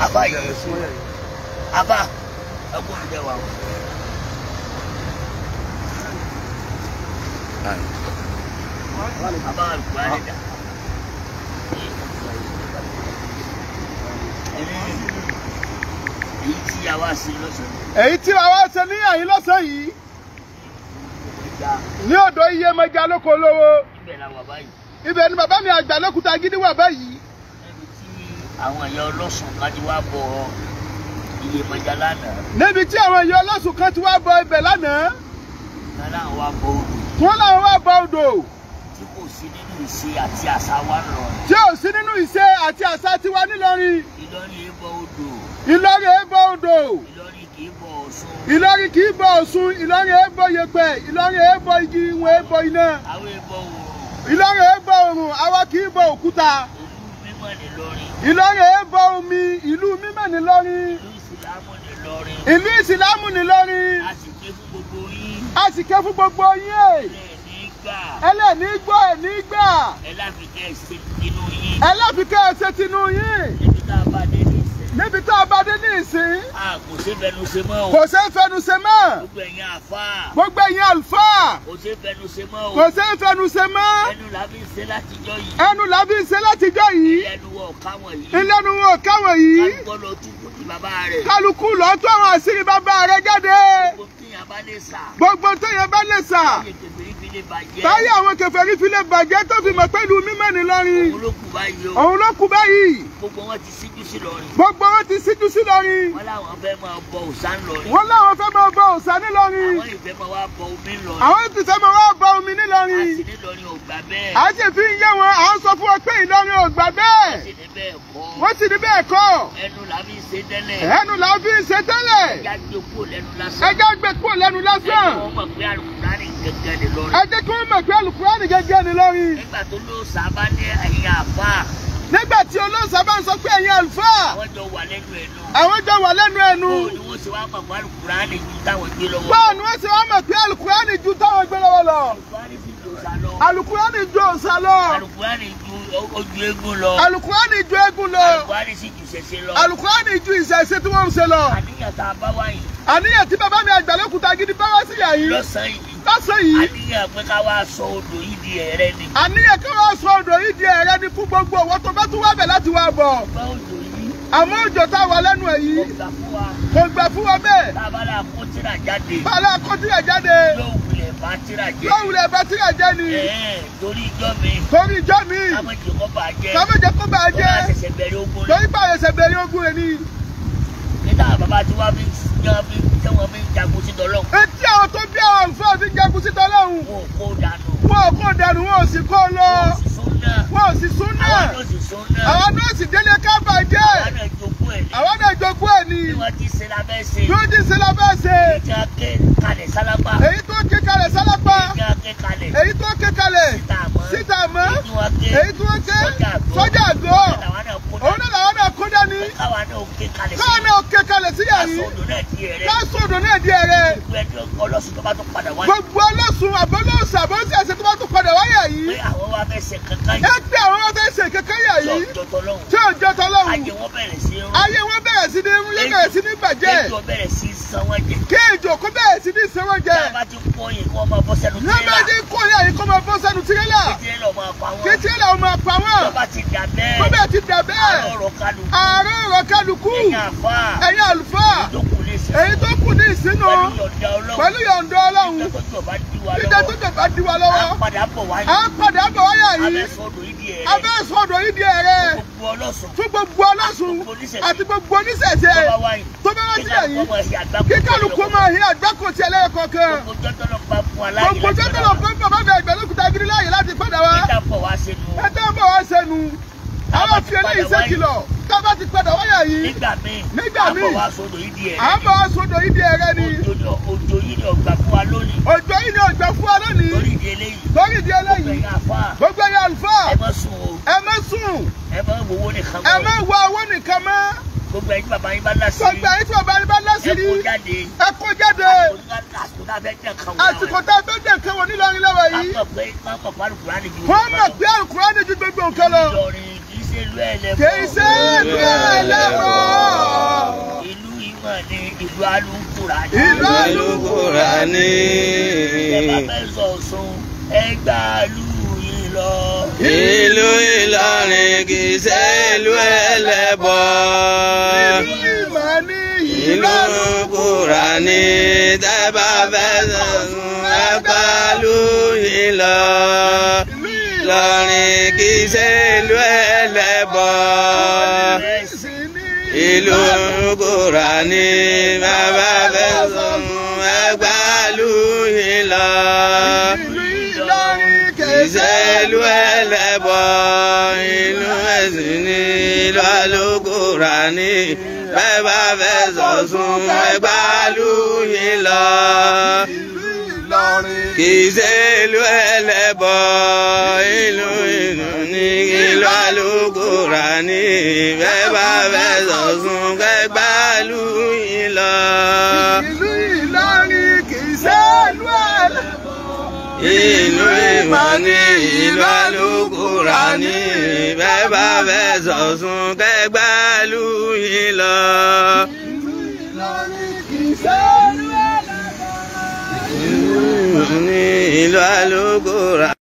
afa yìí afa ẹkú mi dẹ wa o. afa alukura yẹ da. èyí tí a wá ṣe lọ́sẹ̀ yìí. èyí tí a wá ṣe ní àyín lọ́sẹ̀ yìí. ní ọ̀dọ̀ Iyemẹja lóko olówó. ibẹ̀ ni bàbá mi àgbà lókùtà gidi wà báyìí àwọn ìyá ọlọ́sùn kan ti wá bọ Iyèmọ̀já lánàá. níbi tí àwọn ìyá ọlọ́sùn kan ti wá bọ ibẹ̀ lánàá. wọ́n láwọn wá bọ odò. wọ́n láwọn wá bọ odò. tí kò sí nínú ìṣe àti àṣà wa nìlọrin. tí ò sí nínú ìṣe àti àṣà tiwa nìlọrin. Ìlọrin èé bọ odò. Ìlọrin èé bọ odò. Ìlọrin kì í bọ Ọ̀ṣun. Ìlọrin kì í bọ Ọ̀ṣun Ìlọrin èé bọ yẹ̀pẹ̀ Ìlọrin èé bọ igi wọn èé bọ iná. àwọn èé bọ òòrùn. Ìlọrin èé bọ òòrùn àwa kì í bọ òkúta. Ìlọrin èé bọ omi ìlú mímọ́ ní lọ́rin. Ìlú ìsìlámù ní lọ́rin. A sì ké fún gbogbo yín ẹ̀. Ẹlẹ́ni gbọ́ ẹ̀ nígbà. Ẹlẹ́fikẹ́ ẹ̀ ṣe tinú yín. Níbi tá a Ah, kò sí fẹnusẹ mọ́ o. kò sí fẹnusẹ mọ́. gbogbo ẹ̀yin àlùfáà. gbogbo ẹ̀yin àlùfáà. kò sí fẹnusẹ mọ́ o. kò sí fẹnusẹ ẹnu la fi ń ṣe látijọ́ yìí. ẹnu la fi ń ṣe látijọ́ yìí. ìlẹ́nu wọn ká wọ̀n yìí. ìlẹ́nu wọn ká wọ̀n yìí. kálukú lọ tún àṣírí bàbá rẹ̀ jáde gbogbo téèyàn bá lè sà táyé àwọn kèfèrí fi lè bàjẹ́ tó fi mọ̀ pẹ̀lú mímọ́ ní lọ́rin òun ló kù báyìí gbogbo wọn ti síjú sí lọ́rin gbogbo wọn ti síjú sí lọ́rin wọ́n láwọn fẹ́ máa bọ òòṣà ńlọrin wọ́n láwọn fẹ́ máa bọ òòṣà ńlọrin àwọn ìfẹ́ máa wá bọ omi ńlọrin àwọn ìfẹ́ máa wá bọ omi ńlọrin àti ńlọrin ò gbà bẹ́ẹ̀ àti fi ń yé wọn à ń sọ fún wọn pé Ìlọrin ò gbà bẹ́ẹ̀ wọ́n sì ní bẹ́ẹ̀ kọ́ ẹnu làá fi ń ṣe tẹ́lẹ̀ ẹjá gbé kúrò kúrò lẹ́nu lásán. ẹ jẹ́ kí wọ́n mọ̀ pé alukurani gẹ́gẹ́ ni lórí. nígbà tó ló sábà ní ẹ̀yin àbá. nígbà tí olóòsà bá ń sọ pé ẹ̀yin àlùfáà. àwọn jọ wà lẹ́nu ẹnu. àwọn jọ wà lẹ́nu ẹnu. báwo ni wọ́n ṣe wá mọ̀ pé alukurani ju táwọn gbé lọ́wọ́ lọ alukurani ju òòṣà lọ. alukurani ju ojú eégún lọ. alukurani ju eégún lọ. alukurani sì ju ìṣẹ̀ṣe lọ. alukurani ju ìṣẹ̀ṣe tí wọ́n ń ṣe lọ. àníyàn tá a bá wá yìí. àníyàn tí bàbá mi àgbàlókùtà gidi bá wá sí yà yìí. lọ́sàn-án yìí. lọ́sàn-án yìí. àníyàn pé ká wá sọ odò yìí di ẹ̀rẹ́ ni. àníyàn ká wá sọ odò yìí di ẹ̀rẹ́ ni fún gbogbo ọ̀wọ́ tó bá tún wá bẹ̀ láti wá bọ̀. àmọ́ òjò tá a wà lẹ́nu ẹ̀ yìí kò gbà fún wa bẹ́ẹ̀. bàbá la kó tíra jáde. bàbá la kó tíra jáde bátírà jẹ́. lóhùn lè bátírà jẹ́ ni. torí ìjọ mi. torí ìjọ mi. kámẹ́jẹ kó bàá jẹ́. kámẹ́jẹ kó bàá jẹ́. lórí àṣẹṣẹ bẹ̀rẹ̀ ogun rẹ̀. lórí àṣẹṣẹ bẹ̀rẹ̀ ogun rẹ̀ ni. nígbà bàbá tí wọ́n fi yan fi jagun sí tọ́lọ́hún. etí àwọn tó bí àwọn àlùfáà fi jagun sí tọ́lọ́hún. wọn ò kó dànù. wọn ò kó dànù wọn ò sì kó lọ. wọn ò sì sún náà. bí wọ́n ti ṣe labẹ́ ṣe. bí wọ́n ti ṣe labẹ́ ṣe. èyí tó ké kalẹ̀ sálápá. èyí tó ké kalẹ̀ sálápá. èyí tó ké kalẹ̀. èyí tó ké kalẹ̀. síta mọ́. èyí tó ké sọ́jà àgọ́. òun náà làwọn náà kó dání. káwa náà ò ké kalẹ̀ sí. yàrá yìí. káṣọ náà di ẹrẹ. gbogbo ọlọ́sùn àbọ̀lọ́sùn àbọ̀lọ́sùn ẹ̀sẹ̀ tó bá tún padà wáyà yìí. pé àwọn wa fẹ́ ṣe kankan yìí. ẹ pé àwọn wa fẹ́ ṣe kankan yìí. tí ò ní múlẹ bẹ̀rẹ̀ sí ní bàjẹ́. kéjọ bẹ̀rẹ̀ sí sanwó ẹ̀jẹ̀. kéjọ kó bẹ̀rẹ̀ sí ní sanwó ẹ̀jẹ̀. tábà ti kó yìí kó máa bọ́ sẹ́nu tirẹ́là. lábàá ti kó yìí kó máa bọ́ sẹ́nu tirẹ́là. tirẹ́là máa pa wọ́n. tirẹ́là máa pa wọ́n. bọ́bá ti dà bẹ́ẹ̀. bọ́bá ti dà bẹ́ẹ̀. àárọ̀ ọ̀rọ̀ kálukú. ẹ̀yin àlùfáà. ẹ̀yin àlùfáà sínú pẹ̀lú yọ̀ǹda ọlọ́run dídá tó dẹ̀ bá di wa lọ́wọ́ à ń padà bọ̀ wáyà yìí abẹ́sọ̀ odò yìí di ẹ̀rẹ́ fún gbogbo ọlọ́sùn àti gbogbo oníṣẹ̀ṣe tó bá wá sílẹ̀ yìí kí kálukú máa hí àgbákò tí ẹlẹ́yẹ kọ̀ọ̀kan gbogbo tó tọ́lọ̀ fún bàbá mi ẹgbẹ́ lókùtà gírí láàyè láti padà wá ẹ tẹ́ bọ̀ wá sẹ́nu a máa fi eléyìí ṣe kìlọ̀ tá a bá ti padà wáyà yìí nígbà míì nígbà míì a máa sọdọ̀ ìdí ẹ̀rẹ́ ni òjò yìí ni ọ̀gbà fún wa lónìí òjò yìí ni ọ̀gbà fún wa lónìí lórí ìdí eléyìí lórí ìdí eléyìí gbogbo ẹ̀yà àlùfáà ẹ má sùn o ẹ má sùn ẹ má wo owó nìkan mọ́ ẹ má wo owó nìkan mọ́ gbogbo ẹyin tí baba yín bá lásìrí gbogbo ẹyin tí baba yín bá lásìrí ẹ kó jáde ẹ kó jáde àsìkò tá a fẹ́ jẹ kan wọn àsìkò tá a fẹ́ jẹ kan wọn nílọrin lọ́wọ́ yìí wọ́n mọ̀ pé alukurani ju gbogbo nǹkan lọ ìlú ẹlẹ́bọ. kì í ṣe ìlú ẹlẹ́bọ. ìlú ìmọ̀ ni ìlú alukura ni. ìlú alukura ni. ẹ bá fẹ́ sọ Ọ̀ṣun ẹ lù yín lọ. ìlú Ìlọrin kì í ṣe ìlú ẹlẹ́bọ. ìlú ìmọ̀ ni ìlú alukura ni. tẹ́ bá sọ Ọ̀ṣun ẹ lù yín lọ. Ìlọrin kì í ṣe ìlú ẹlẹ́bọ ìlú Kùránì bàbá fẹ́ sùn ẹgbàálù ìlọ. Ìlọrin kì í ṣe ìlú ẹlẹ́bọ ìlú ẹ̀sìn ní ìlú Kùránì fẹ́ sùn ẹgbàálù ìlọ kì í ṣe ìlú ẹlẹ́bọ ìlú ìlú ní ìlú alukura ní ìfẹ́ bá fẹ́ sọ̀sùn kẹgbà lù yín lọ. ìlú Ìlọrin kì í ṣe ìlú ẹlẹ́bọ. ìlú ìmọ̀ ní ìlú alukura ní ìfẹ́ bá fẹ́ sọ̀sùn kẹgbà lù yín lọ. Il a gora.